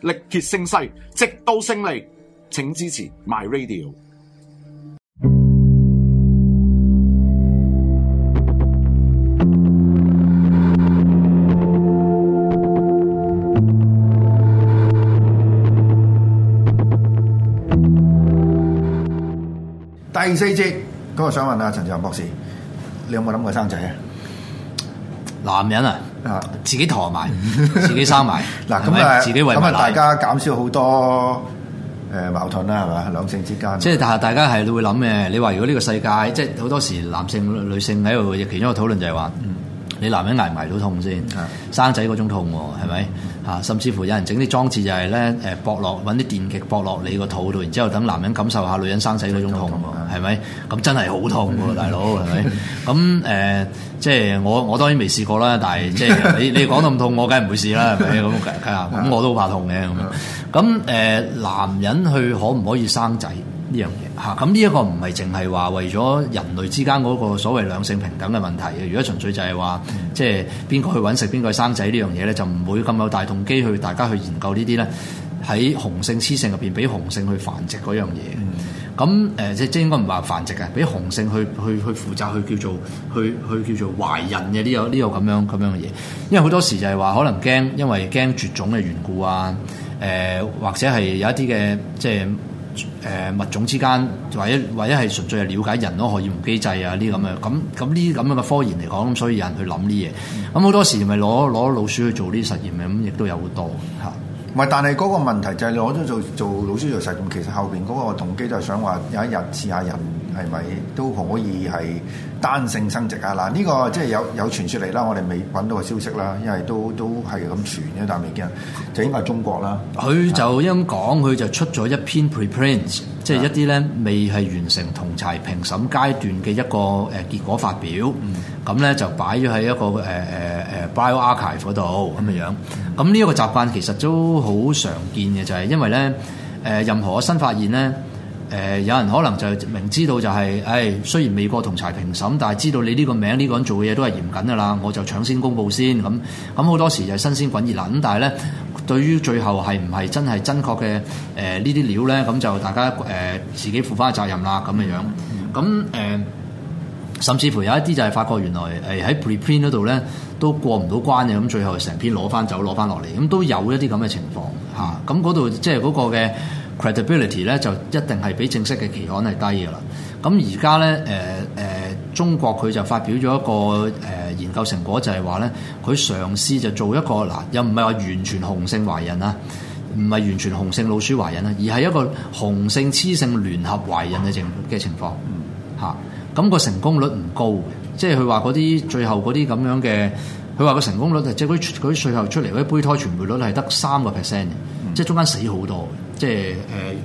力竭勝勢，直到勝利。請支持 My Radio。第四節，咁我想問下陳志宏博士，你有冇諗過生仔啊？男人啊！ 自己抬埋，自己生埋，嗱 那，咁啊，自己餵咁啊，大家減少好多誒矛盾啦，係嘛？兩性之間，即係但係大家係會諗嘅。你話如果呢個世界，即係好多時男性女性喺度，其中一個討論就係話，嗯你男人挨唔挨到痛先，生仔嗰種痛喎，係咪？嚇，甚至乎有人整啲裝置，就係咧誒，駁落揾啲電極駁落你個肚度，然之後等男人感受下女人生仔嗰種痛，係咪、啊？咁真係好痛喎、啊，大佬係咪？咁誒、 呃，即係我我當然未試過啦，但係即係你你講得咁痛，我梗係唔會試啦，係咪？咁咁我都怕痛嘅咁。咁誒、呃，男人去可唔可以生仔？呢樣嘢，嚇，咁呢一個唔係淨係話為咗人類之間嗰個所謂兩性平等嘅問題嘅，如果純粹就係話，嗯、即係邊個去揾食，邊個去生仔呢樣嘢咧，就唔會咁有大動機去大家去研究呢啲咧，喺雄性雌性入邊，俾雄性去繁殖嗰、嗯、樣嘢，咁、呃、誒即即係應該唔話繁殖嘅，俾雄性去去去負責去叫做去去叫做懷孕嘅呢個呢個咁樣咁樣嘅嘢，因為好多時就係話可能驚，因為驚絕種嘅緣故啊，誒、呃、或者係有一啲嘅即係。即誒、呃、物種之間，或者或者係純粹係了解人咯，荷爾蒙機制啊啲咁樣，咁咁呢啲咁樣嘅科研嚟講，所以有人去諗呢嘢。咁好、嗯嗯、多時咪攞攞老鼠去做呢啲實驗嘅，咁亦都有好多嚇。唔係，但係嗰個問題就係攞咗做做老鼠做實驗，其實後邊嗰個動機就係想話有一日試下人。係咪都可以係單性生殖啊？嗱、這個，呢個即係有有傳説嚟啦，我哋未揾到個消息啦，因為都都係咁傳嘅。但係未嘅。就應該係中國啦。佢就因為講佢就出咗一篇 preprints，即係一啲咧未係完成同儕評審階段嘅一個誒結果發表。咁咧就擺咗喺一個誒誒、uh，誒、uh，bioarchive 嗰度咁嘅樣。咁呢一個習慣其實都好常見嘅，就係、是、因為咧誒任何新發現咧。誒、呃、有人可能就明知道就係、是，誒、哎、雖然美國同儕評審，但係知道你呢個名呢、這個人做嘅嘢都係嚴謹噶啦，我就搶先公佈先，咁咁好多時就新鮮滾熱辣，咁、嗯、但係咧對於最後係唔係真係真確嘅誒呢啲料咧，咁、呃、就大家誒、呃、自己負翻責任啦，咁嘅樣，咁、嗯、誒、嗯呃、甚至乎有一啲就係發覺原來誒喺 preprint 嗰度咧都過唔到關嘅，咁最後成篇攞翻走攞翻落嚟，咁、嗯、都有一啲咁嘅情況吓，咁嗰度即係嗰個嘅。credibility 咧就一定係比正式嘅期刊係低嘅啦。咁而家咧誒誒，中國佢就發表咗一個誒、呃、研究成果就，就係話咧，佢嘗試就做一個嗱，又唔係話完全雄性懷孕啊，唔係完全雄性老鼠懷孕啊，而係一個雄性雌性聯合懷孕嘅情嘅情況嚇。咁、嗯啊嗰個成功率唔高嘅，即係佢話嗰啲最後嗰啲咁樣嘅，佢話個成功率即係佢啲最後出嚟嗰啲胚胎傳媒率係得三個 percent 嘅。即係中間死好多，即係誒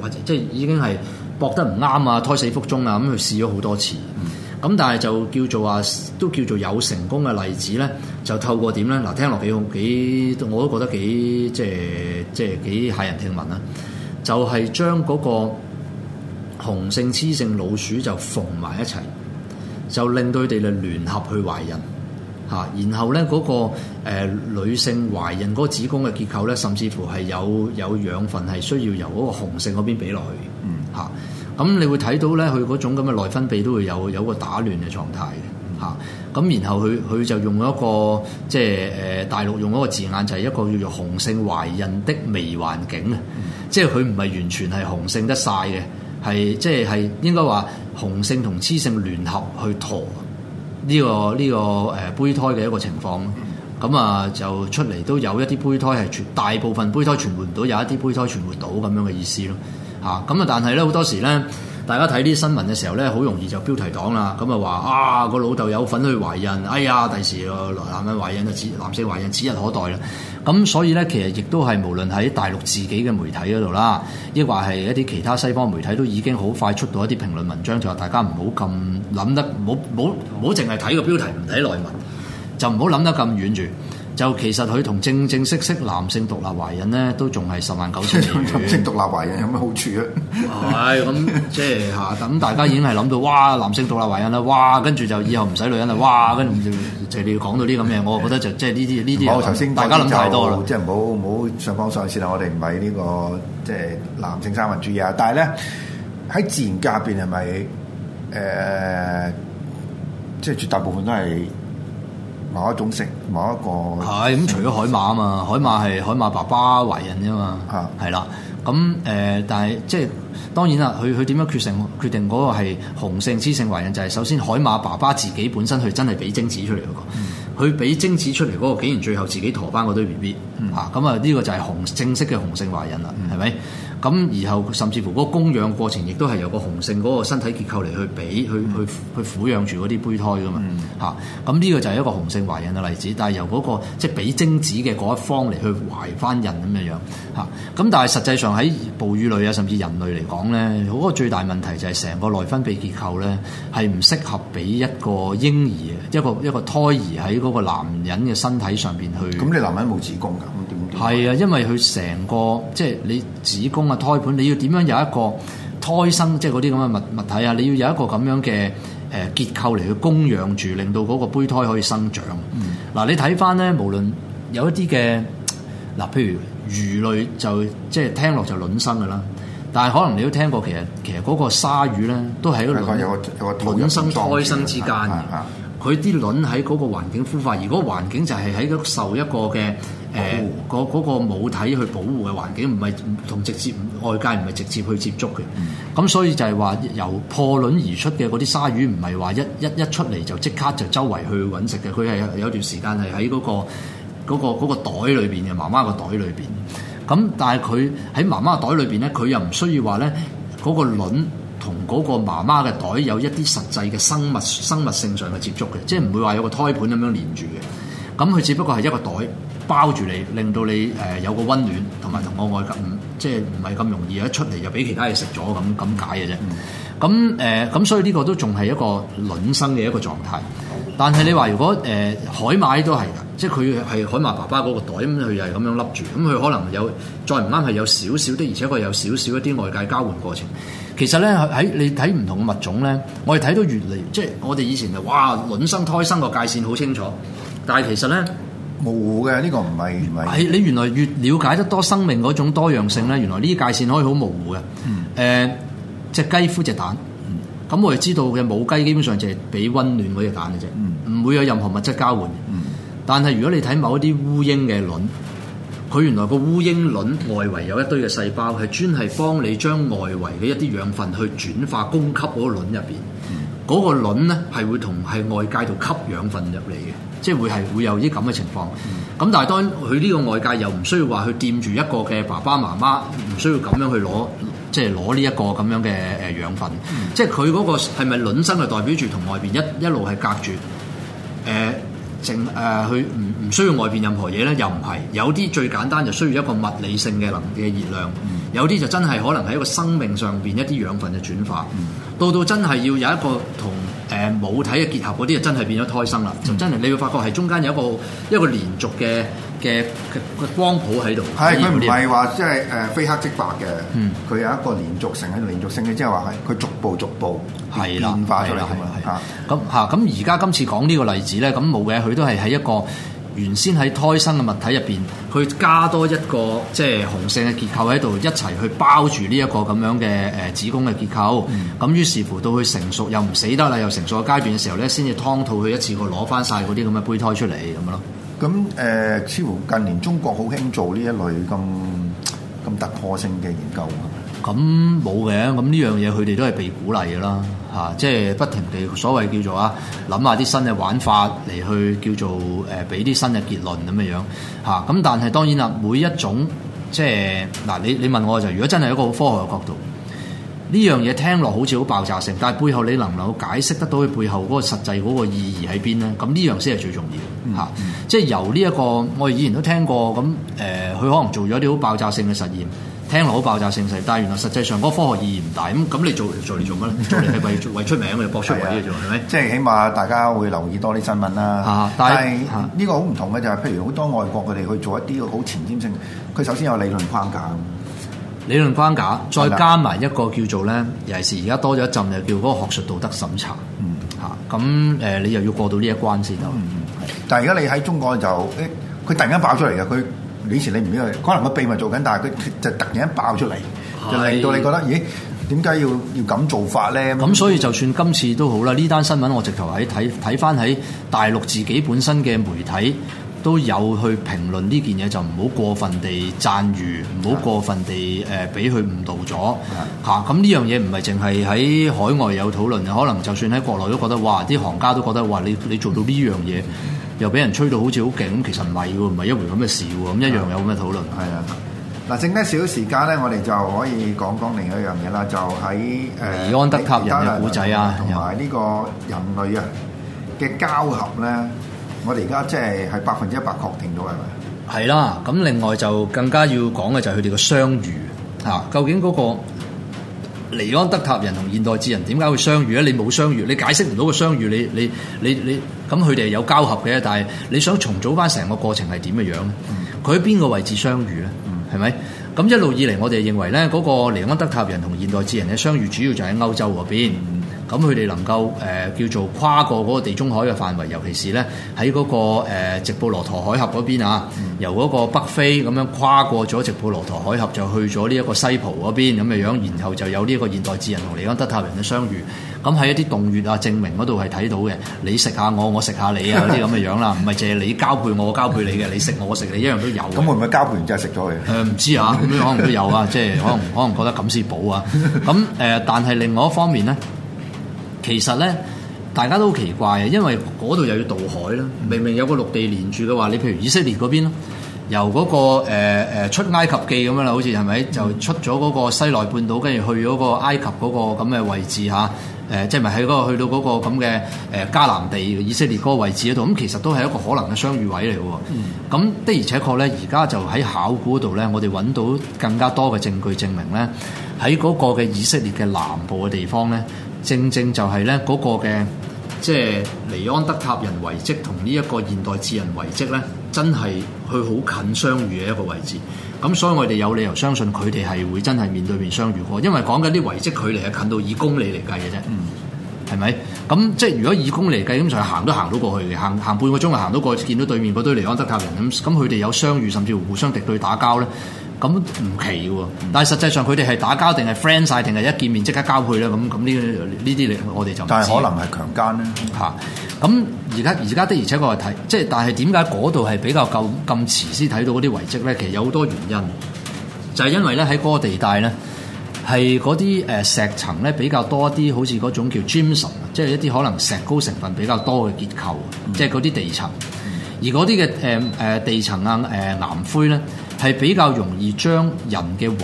或者即係已經係搏得唔啱啊，胎死腹中啊，咁佢試咗好多次，咁、嗯、但係就叫做啊，都叫做有成功嘅例子咧，就透過點咧？嗱，聽落幾好幾，我都覺得幾即係即係幾駭人聽聞啦，就係將嗰個雄性雌性老鼠就縫埋一齊，就令到佢哋嚟聯合去懷孕。嚇，然後咧嗰、那個、呃、女性懷孕嗰個子宮嘅結構咧，甚至乎係有有養分係需要由嗰個雄性嗰邊俾落去。嗯，嚇、啊，咁你會睇到咧，佢嗰種咁嘅內分泌都會有有個打亂嘅狀態嘅。嚇、啊，咁然後佢佢就用一個即係誒、呃、大陸用一個字眼，就係、是、一個叫做雄性懷孕的微環境啊、嗯。即係佢唔係完全係雄性得晒嘅，係即係係應該話雄性同雌性聯合去駝。呢、這個呢、這個誒胚、呃、胎嘅一個情況，咁啊就出嚟都有一啲胚胎係傳，大部分胚胎傳播唔到，有一啲胚胎傳播到咁樣嘅意思咯，嚇咁啊！但係咧好多時咧，大家睇啲新聞嘅時候咧，好容易就標題黨啦，咁啊話啊個老豆有份去懷孕，哎呀，第時羅男人懷孕就指男性懷孕指日可待啦。咁所以咧，其實亦都係無論喺大陸自己嘅媒體嗰度啦，亦或係一啲其他西方媒體，都已經好快出到一啲評論文章，就話、是、大家唔好咁諗得，唔好冇淨係睇個標題，唔睇內文，就唔好諗得咁遠住。就其實佢同正正式式男性獨立懷孕咧，都仲係十萬九千。男性獨立懷孕有咩好處啊？係咁、 哎，即係嚇，等大家已經係諗到哇！男性獨立懷孕啦，哇！跟住就以後唔使女人啦，哇！跟住 就即係要講到啲咁嘅，我覺得就即係呢啲呢啲，就是、 大家諗太多啦。即係唔好唔好上綱上線啊！我哋唔係呢個即係、就是、男性沙文主義。但係咧喺自然界入邊係咪誒？即、呃、係、就是、絕大部分都係。某一種性，某一個係咁，除咗海馬吖嘛，海馬係海馬爸爸懷孕啫嘛，係啦的，咁誒，但係、呃、即係當然啦，佢佢點樣決定決定嗰個係雄性雌性懷孕？就係、是、首先海馬爸爸自己本身佢真係俾精子出嚟嗰、那個，佢俾、嗯、精子出嚟嗰、那個，竟然最後自己陀返嗰堆 B B，啊咁啊呢個就係雄正式嘅雄性懷孕啦，係咪？嗯咁，然後甚至乎嗰個供養過程，亦都係由個雄性嗰個身體結構嚟去俾、去、去、去撫養住嗰啲胚胎噶嘛嚇。咁呢、嗯啊這個就係一個雄性懷孕嘅例子，但係由嗰、那個即係俾精子嘅嗰一方嚟去懷翻孕咁樣樣嚇。咁、啊、但係實際上喺哺乳類啊，甚至人類嚟講咧，嗰、那個最大問題就係成個內分泌結構咧係唔適合俾一個嬰兒、一個一個胎兒喺嗰個男人嘅身體上邊去。咁你男人冇子宮㗎？係啊，因為佢成個即係你子宮啊胎盤，你要點樣有一個胎生即係嗰啲咁嘅物物體啊？你要有一個咁樣嘅誒結構嚟去供養住，令到嗰個胚胎可以生長。嗱、嗯啊，你睇翻咧，無論有一啲嘅嗱，譬如魚類就即係聽落就卵生㗎喇。但係可能你都聽過，其實其實嗰個鯊魚咧都係一個，有一個有卵生胎生之間佢啲、嗯嗯嗯嗯嗯、卵喺嗰個環境孵化，而個環境就係喺受一個嘅。誒，嗰、嗰個母體去保護嘅環境，唔係同直接外界唔係直接去接觸嘅。咁、嗯、所以就係話由破卵而出嘅嗰啲鯊魚，唔係話一一一出嚟就即刻就周圍去揾食嘅。佢係有段時間係喺嗰個嗰、嗰個嗰個、袋裏邊嘅媽媽個袋裏邊。咁但係佢喺媽媽個袋裏邊呢，佢又唔需要話呢嗰個卵同嗰個媽媽嘅袋有一啲實際嘅生物生物性上嘅接觸嘅，嗯、即係唔會話有個胎盤咁樣連住嘅。咁佢只不過係一個袋。包住你，令到你誒有個温暖，同埋同我愛咁，即係唔係咁容易，一出嚟就俾其他嘢食咗咁咁解嘅啫。咁誒咁，所以呢個都仲係一個卵生嘅一個狀態。但係你話如果誒、呃、海馬都係即係佢係海馬爸爸嗰個袋咁，佢又係咁樣笠住。咁佢可能有再唔啱係有少少的，而且佢有少少一啲外界交換過程。其實咧喺你睇唔同嘅物種咧，我哋睇到越嚟即係我哋以前就哇卵生胎生個界線好清楚，但係其實咧。模糊嘅呢個唔係唔係，係你原來越了解得多生命嗰種多樣性咧，原來呢啲界線可以好模糊嘅。誒，隻雞孵隻蛋，咁我哋知道嘅母雞基本上就係俾温暖嗰隻蛋嘅啫，唔會有任何物質交換。但係如果你睇某一啲烏蠅嘅卵，佢原來個烏蠅卵外圍有一堆嘅細胞，係專係幫你將外圍嘅一啲養分去轉化供給嗰個卵入邊。嗰個卵咧係會同喺外界度吸養分入嚟嘅。即係會係會有啲咁嘅情況，咁、嗯、但係當然佢呢個外界又唔需要話去掂住一個嘅爸爸媽媽，唔需要咁樣去攞，即係攞呢一個咁樣嘅誒養分。嗯、即係佢嗰個係咪卵生就代表住同外邊一一路係隔住？誒、呃，淨誒佢唔唔需要外邊任何嘢咧，又唔係。有啲最簡單就需要一個物理性嘅能嘅熱量，嗯、有啲就真係可能係一個生命上邊一啲養分嘅轉化。嗯到到真係要有一個同誒、呃、母體嘅結合嗰啲，就真係變咗胎生啦。嗯、就真係，你會發覺係中間有一個一個連續嘅嘅嘅光譜喺度。係，佢唔係話即係誒非黑即白嘅。嗯，佢有一個連續性喺度，連續性嘅，即係話係佢逐步逐步係變化出嚟。係啊，咁嚇咁而家今次講呢個例子咧，咁冇嘅，佢都係喺一個。原先喺胎生嘅物體入邊，去加多一個即係雄性嘅結構喺度，一齊去包住呢一個咁樣嘅誒子宮嘅結構。咁、嗯、於是乎到佢成熟又唔死得啦，又成熟嘅階段嘅時候咧，先至劏套佢一次過攞翻晒嗰啲咁嘅胚胎出嚟咁咯。咁誒、呃，似乎近年中國好興做呢一類咁咁突破性嘅研究。咁冇嘅，咁呢樣嘢佢哋都係被鼓勵嘅啦，嚇、啊，即係不停地所謂叫做啊，諗下啲新嘅玩法嚟去叫做誒，俾、呃、啲新嘅結論咁樣樣嚇。咁、啊、但係當然啦，每一種即係嗱、啊，你你問我就，如果真係一個好科學嘅角度，呢樣嘢聽落好似好爆炸性，但係背後你能唔能夠解釋得到佢背後嗰個實際嗰個意義喺邊咧？咁呢樣先係最重要嚇。啊嗯嗯、即係由呢、這、一個我哋以前都聽過，咁、嗯、誒，佢、呃、可能做咗啲好爆炸性嘅實驗。聽落好爆炸性勢，但係原來實際上個科學意義唔大。咁咁你做做嚟做乜咧？做嚟係為，為，為出名啊嘛，搏出嚟做，係咪？ 是嗎即係起碼大家會留意多啲新聞啦。嚇、啊！但係呢是、啊、個好唔同嘅就係、是，譬如好多外國佢哋去做一啲好前瞻性，佢首先有理論框架。嗯、理論框架再加埋一個叫做咧，的尤其是而家多咗一陣，就叫嗰個學術道德審查。嗯。咁誒、嗯，你又要過到呢一關先得。但係而家你喺中國就，誒、欸，佢突然間爆出嚟嘅佢。以前你唔知啊，可能個秘密做緊，但係佢就突然一爆出嚟，是就令到你覺得，咦？點解要要咁做法咧？咁所以就算今次都好啦，呢單新聞我直頭喺睇睇翻喺大陸自己本身嘅媒體都有去評論呢件嘢，就唔好過分地讚譽，唔好過分地誒俾佢誤導咗吓。咁呢樣嘢唔係淨係喺海外有討論，可能就算喺國內都覺得，哇！啲行家都覺得，哇！你你做到呢樣嘢。又俾人吹到好似好勁咁，其實唔係喎，唔係一回咁嘅事喎，咁的一樣有咁嘅討論。係啊，嗱，剩低少少時間咧，我哋就可以講講另一樣嘢啦，就喺誒、嗯呃、安德塔人嘅古仔啊，同埋呢個人類啊嘅交合咧，嗯、我哋而家即係係百分之一百確定咗係咪？係啦，咁另外就更加要講嘅就係佢哋嘅相遇啊，究竟嗰、那個。尼安德塔人同現代智人點解會相遇咧？你冇相遇，你解釋唔到個相遇。你你你你咁佢哋係有交合嘅，但係你想重組返成個過程係點嘅樣咧？佢喺邊個位置相遇咧？係咪、嗯？咁一路以嚟我哋認為咧，嗰個尼安德塔人同現代智人嘅相遇主要就喺歐洲嗰邊。嗯嗯咁佢哋能夠誒、呃、叫做跨過嗰個地中海嘅範圍，尤其是咧喺嗰個、呃、直布羅陀海峽嗰邊啊，由嗰個北非咁樣跨過咗直布羅陀海峽，就去咗呢一個西葡嗰邊咁嘅樣，然後就有呢一個現代智人同尼安德塔人嘅相遇。咁喺一啲洞穴啊證明嗰度係睇到嘅，你食下我，我食下你啊，啲咁嘅樣啦，唔係淨係你交配我，我交配你嘅，你食我，我食你，一樣都有。咁會唔會交配完之後食咗佢？誒唔知啊，咁、嗯、樣可能都有啊，即係可能可能覺得咁先補啊。咁、啊、誒、呃，但係另外一方面咧。其實咧，大家都好奇怪啊，因為嗰度又要渡海啦。明明有個陸地連住嘅話，你譬如以色列嗰邊咯，由嗰、那個誒、呃、出埃及記咁樣啦，好似係咪就出咗嗰個西奈半島，跟住去咗個埃及嗰個咁嘅位置嚇，誒、呃、即係咪喺嗰個去到嗰、那個咁嘅誒迦南地以色列嗰個位置度？咁其實都係一個可能嘅相遇位嚟嘅喎。咁、嗯、的而且確咧，而家就喺考古度咧，我哋揾到更加多嘅證據證明咧，喺嗰個嘅以色列嘅南部嘅地方咧。正正就係呢嗰個嘅，即係尼安德塔人遺跡同呢一個現代智人遺跡呢，真係佢好近相遇嘅一個位置。咁所以我哋有理由相信佢哋係會真係面對面相遇過，因為講緊啲遺跡距離係近到以公里嚟計嘅啫。嗯，係咪？咁即係如果以公里嚟計，咁就行都行到過去，行行半個鐘就行到過去，見到對面嗰堆尼安德塔人。咁咁佢哋有相遇，甚至乎互相敵對打交呢。咁唔奇喎，但係實際上佢哋係打交定係 friend 晒定係一見面即刻交配啦。咁咁呢個呢啲我哋就但係可能係強姦咧嚇。咁而家而家的而且確係睇，即係但係點解嗰度係比較舊、咁遲先睇到嗰啲遺跡咧？其實有好多原因，就係、是、因為咧喺嗰個地帶咧係嗰啲誒石層咧比較多啲，好似嗰種叫 gypsum，即係一啲可能石膏成分比較多嘅結構，即係嗰啲地層。而嗰啲嘅誒誒地層啊誒岩灰咧，係比較容易將人嘅遺誒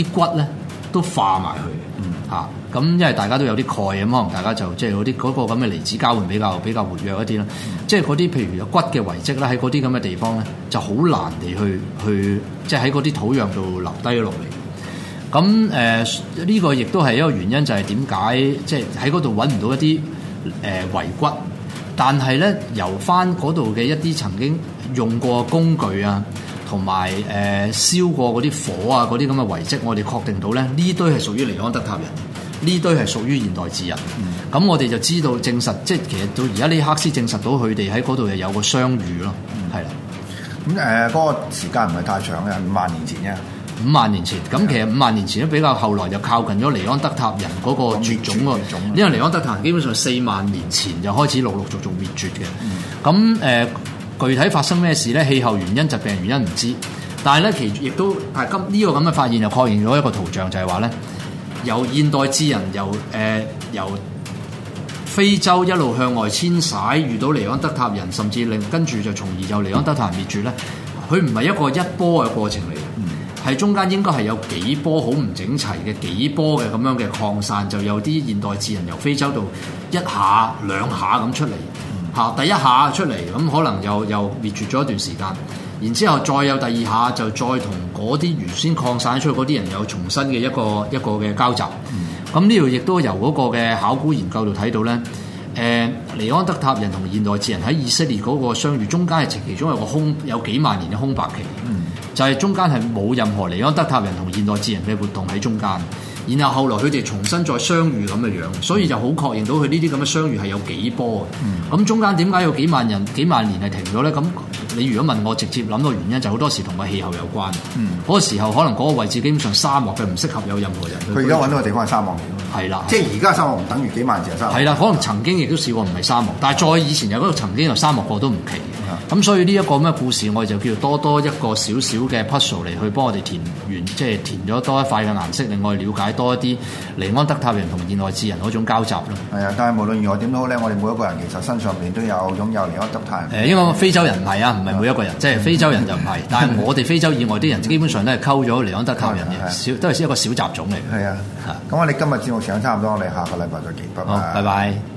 啲骨咧都化埋去，嗯嚇咁、啊，因為大家都有啲鈣咁，可能大家就即係嗰啲嗰個咁嘅離子交換比較比較活躍一啲啦、嗯。即係嗰啲譬如有骨嘅遺跡咧，喺嗰啲咁嘅地方咧就好難地去去即係喺嗰啲土壤度留低咗落嚟。咁誒呢個亦都係一個原因就，就係點解即係喺嗰度揾唔到一啲誒遺骨，但係咧由翻嗰度嘅一啲曾經用過工具啊。嗯同埋誒燒過嗰啲火啊，嗰啲咁嘅遺跡，我哋確定到咧，呢堆係屬於尼安德塔人，呢堆係屬於現代智人。咁、嗯嗯、我哋就知道，證實即係其實到而家呢，刻先證實到佢哋喺嗰度又有個相遇咯。係啦、嗯，咁誒嗰個時間唔係太長嘅，五萬年前啫。五萬年前，咁、嗯、其實五萬年前都比較後來，就靠近咗尼安德塔人嗰個絕，滅絕，滅絕種喎。因為尼安德塔人基本上四萬年前就開始陸陸續，續續滅絕嘅。咁誒、嗯。嗯具體發生咩事呢？氣候原因、疾病原因唔知，但係呢其亦都，但係今呢個咁嘅發現就確認咗一個圖像，就係話呢：由現代智人由誒、呃、由非洲一路向外遷徙，遇到尼安德塔人，甚至令跟住就從而由尼安德塔人滅絕呢佢唔係一個一波嘅過程嚟嘅，係、嗯、中間應該係有幾波好唔整齊嘅幾波嘅咁樣嘅擴散，就有啲現代智人由非洲度一下兩下咁出嚟。嚇，第一下出嚟，咁可能又又滅絕咗一段時間，然之後再有第二下，就再同嗰啲原先擴散出去嗰啲人有重新嘅一個一個嘅交集。咁呢度亦都由嗰個嘅考古研究度睇到咧。誒，尼安德塔人同現代智人喺以色列嗰個相遇，中間係其其中有個空有幾萬年嘅空白期，嗯、就係中間係冇任何尼安德塔人同現代智人嘅活動喺中間。然後後來佢哋重新再相遇咁嘅樣,樣，所以就好確認到佢呢啲咁嘅相遇係有幾波嘅。咁、嗯、中間點解有幾萬人、幾萬年係停咗咧？咁你如果問我，直接諗到原因就好多時同個氣候有關。嗰、嗯、個時候可能嗰個位置基本上沙漠，佢唔適合有任何人。佢而家揾到個地方係沙漠。係啦的。即係而家沙漠唔等於幾萬年前沙漠。係啦，可能曾經亦都試過唔係沙漠，但係再以前有嗰個曾經有沙漠過都唔奇。咁、嗯、所以呢一個咁嘅故事，我哋就叫多多一個少少嘅 puzzle 嚟去幫我哋填完，即係填咗多一塊嘅顏色，令我哋了解多一啲尼安德塔人同現代智人嗰種交集咯。係啊，但係無論如何點都好咧，我哋每一個人其實身上邊都有擁有尼安德塔人。誒、呃，因為非洲人唔係啊，唔係每一個人，的即係非洲人就唔係， 但係我哋非洲以外啲人基本上都係溝咗尼安德塔人嘅，都係一個小雜種嚟。係啊，嚇！咁我哋今日節目時間差唔多，我哋下個禮拜再見。好，拜拜。